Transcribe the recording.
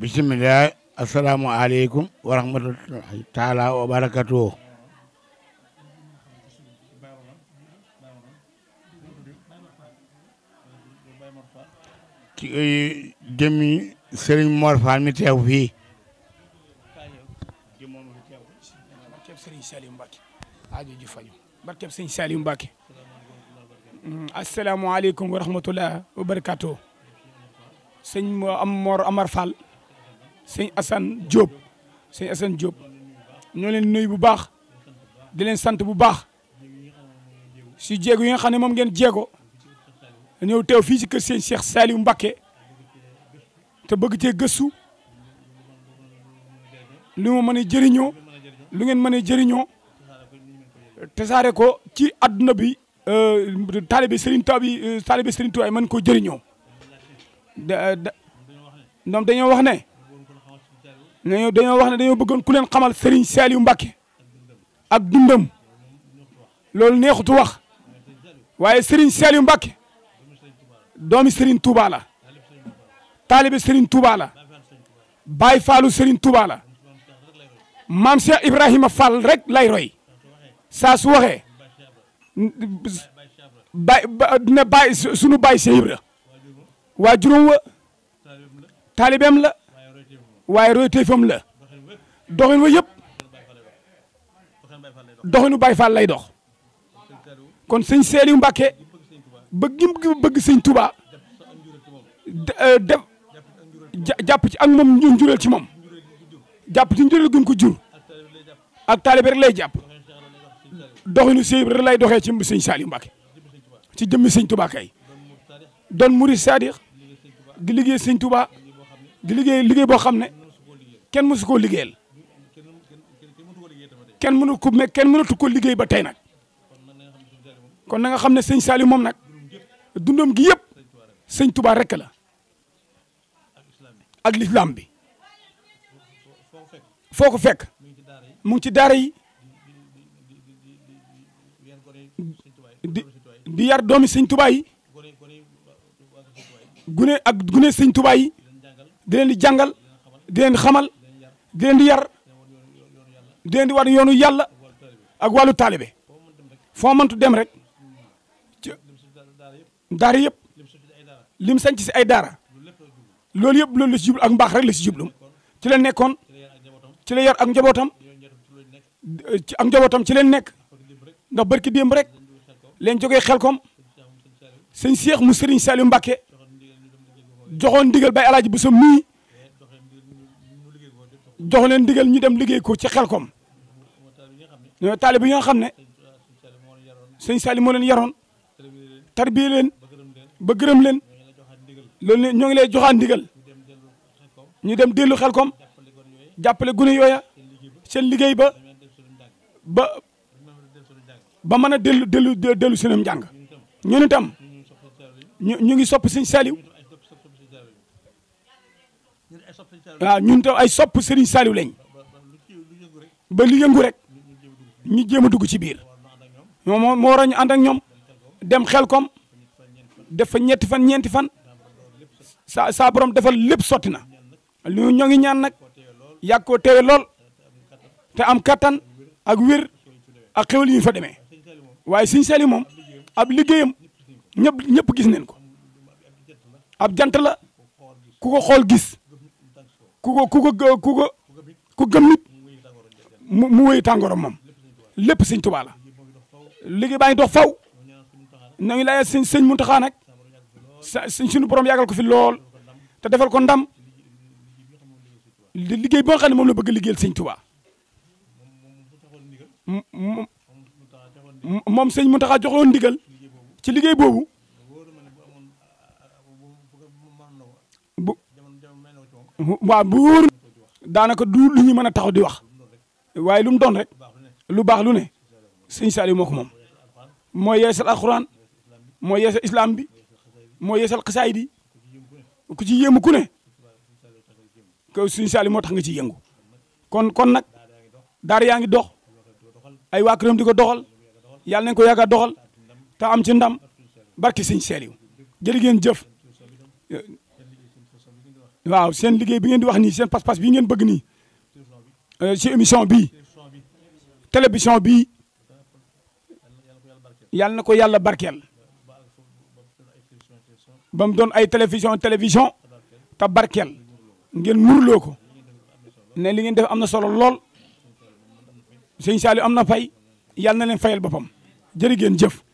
bisimilah asalaamualeykum wa rahmatulahi taala wa barakatuhu ci jëmmi Serigne Mor mi teew fii Serigne Saliou Mbacke aajo ji faju barkeb Serigne mm, wa rahmatullah wa barakatuhu sëñ sëñ Assane Diop sëñ Assane Diop ñoo leen nuyu bu baax di sant bu baax si jéego yi nga xam ne moom ngeen jéego ñëw teew fii si kër sëñ Cheikh Saliou Mbacké te bëgg cee gëstu lu ma mën a jëriñoo lu ngeen mën jëriñoo tasaare ko ci adduna bi euh, taalibe Serigne Touba bi euh, taalibe Serigne Touba mën koo jëriñoo da da dañoo wax ne. dañoo dañoo wax ne dañoo bëggoon ku leen xamal seriñ Saliou Mbacké ak dundam loolu neexutu wax waaye Serigne Saliou Mbacké doomi Serigne Touba la taalibe Serigne Touba la Baye Fallou Serigne Touba la maam Cheikh Ibrahima Fall rek lay roy saa su waxee bay dina bàyyi sunu Baye Cheikh Ibra waa juróom wa taalibeem waaye roy téefam la doxin wa yëpp doxinu Baay Faal lay dox kon sëñ Saliou Mbacke bëgg bëgg sëñ Touba euh, def jàpp ci ak moom ñu njureel ci moom jàpp ci njureel gën ko jur ak taalibe rek lay jàpp doxinu sëñ rek lay doxee ci sëñ Saliou Mbacke ci jëmmi sëñ Touba kay doon murid sadiq di liggéey sëñ Touba di liggéey liggéey boo xam ne. kenn mësu koo liggéeyal kenn mënu ko mais kenn mënatu ko liggéey ba tey nag kon na nga xam ne sëñ Saliou moom nag dundam gi yëpp sëñ Touba rek la ak l'islam bi foo ko fekk mu ngi ci daara yi di di yar doomi sëñ Touba yi gune ak gune sëñ Touba yi di leen di jàngal di leen di yar di leen di war yoonu yàlla ak wàllu taalibe foo mëntu dem rek ci daara yëpp lim sañ si ay daara loolu yëpp loolu la si jublu ak mbaax rek la si jublu ci la nekkoon ci la yar ak njabootam ci ak njabootam ci leen nekk ndax barki démb rek leen jógee xelkom sëñ Cheikh mu Serigne Saliou Mbacké joxoon ndigal bay alaaji bu sa mii jox leen ndigal ñu dem liggéey ko ci xelkom ñoo taalibe yi nga xam ne sëñ Saali moo leen yaroon tarbiye leen ba gërëm leen loolu ne ñoo ngi lay joxaan ndigal ñu dem dellu xelkom jàppale gune yooya seen liggéey ba ba ba mën a dellu dellu dellu seenam njàng ñun itam ñu ñu ngi sopp sëñ Saaliw waaw ñun tam ay sopp Serigne Saliou lañ ba li yëngu rek ñu jéem a dugg ci biir moo moo war a ñu ànd ak ñoom dem xel koom def fa ñetti fan ñeenti fan sa saa borom defal lépp sotti na lu ñoo ngi ñaan nag yàgg koo teewe lool te am kattan ak wér ak xewal yi ñu fa demee waaye Serigne Saliou moom ab liggéeyam ñëpp ñëpp gis neen ko ab jant la ku ko xool gis ku ko ku ko ku ko ku gëm nit mu mu wéy tàngooram moom lépp sëñ Tuubaa la liggéey baa ngi dox faw na ngi laaj sëñ sëñ Muntaxa nag sa suñu borom yàggal ko fi lool te defal ko ndam liggéey boo xam ne moom la bëgg a liggéeyal sëñ Tuubaa moom sëñ Muntaxa joxoon ndigal ci liggéey boobu bu waaw bu wóor daanaka du lu ñu mën a taxaw di wax waaye lu mu doon rek lu baax lu ne sëñ Saliou moo ko moom moo yeesal alxuraan moo yeesal islam bi moo yeesal xasaayid yi ku ci yëngu ku ne ko sëñ Saliou moo ta nga ci yëngu kon kon nag daara yaa ngi dox ay waa këram di ko doxal yàlla nañ ko yàgg a doxal te am ci ndam barke sëñ Saliou jërë ngeen jëf waaw seen liggéey bi ngeen di wax nii seen pas-pas bi ngeen bëgg nii si euh, émission bi télévision bi yàlla na ko yàlla barkeel ba mu doon ay télévision télévision te barkeel ngeen murloo ko ne li ngeen def am na solo lool sëñ Saliou am na fay yàlla na leen fayal boppam jërë ngeen jëf